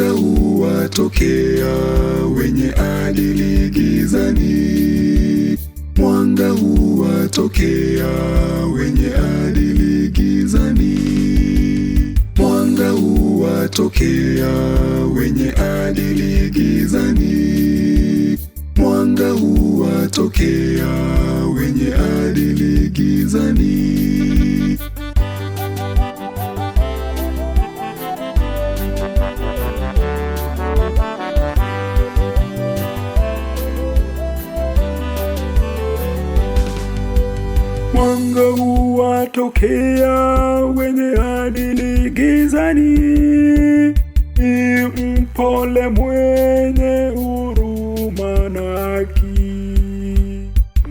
mwanga huwatokea wenye adili gizani, mwanga huwatokea wenye adili gizani, mwanga huwatokea wenye adili gizani, mwanga huwatokea wenye adili gizani. Mwanga huwatokea wenye adili gizani, mpole mwenye huruma na haki.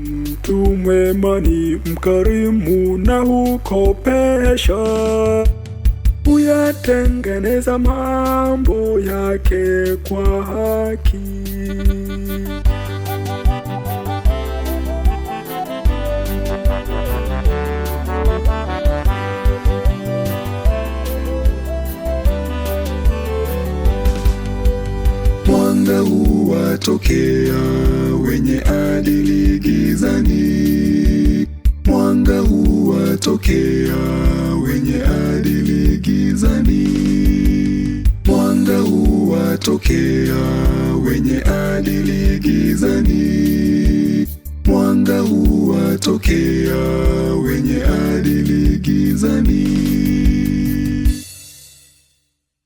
Mtu mwema ni mkarimu na hukopesha, huyatengeneza mambo yake kwa haki. Mwanga huwatokea wenye adili gizani, mwanga huwatokea wenye adili gizani, mwanga huwatokea wenye adili gizani, mwanga huwatokea wenye adili gizani.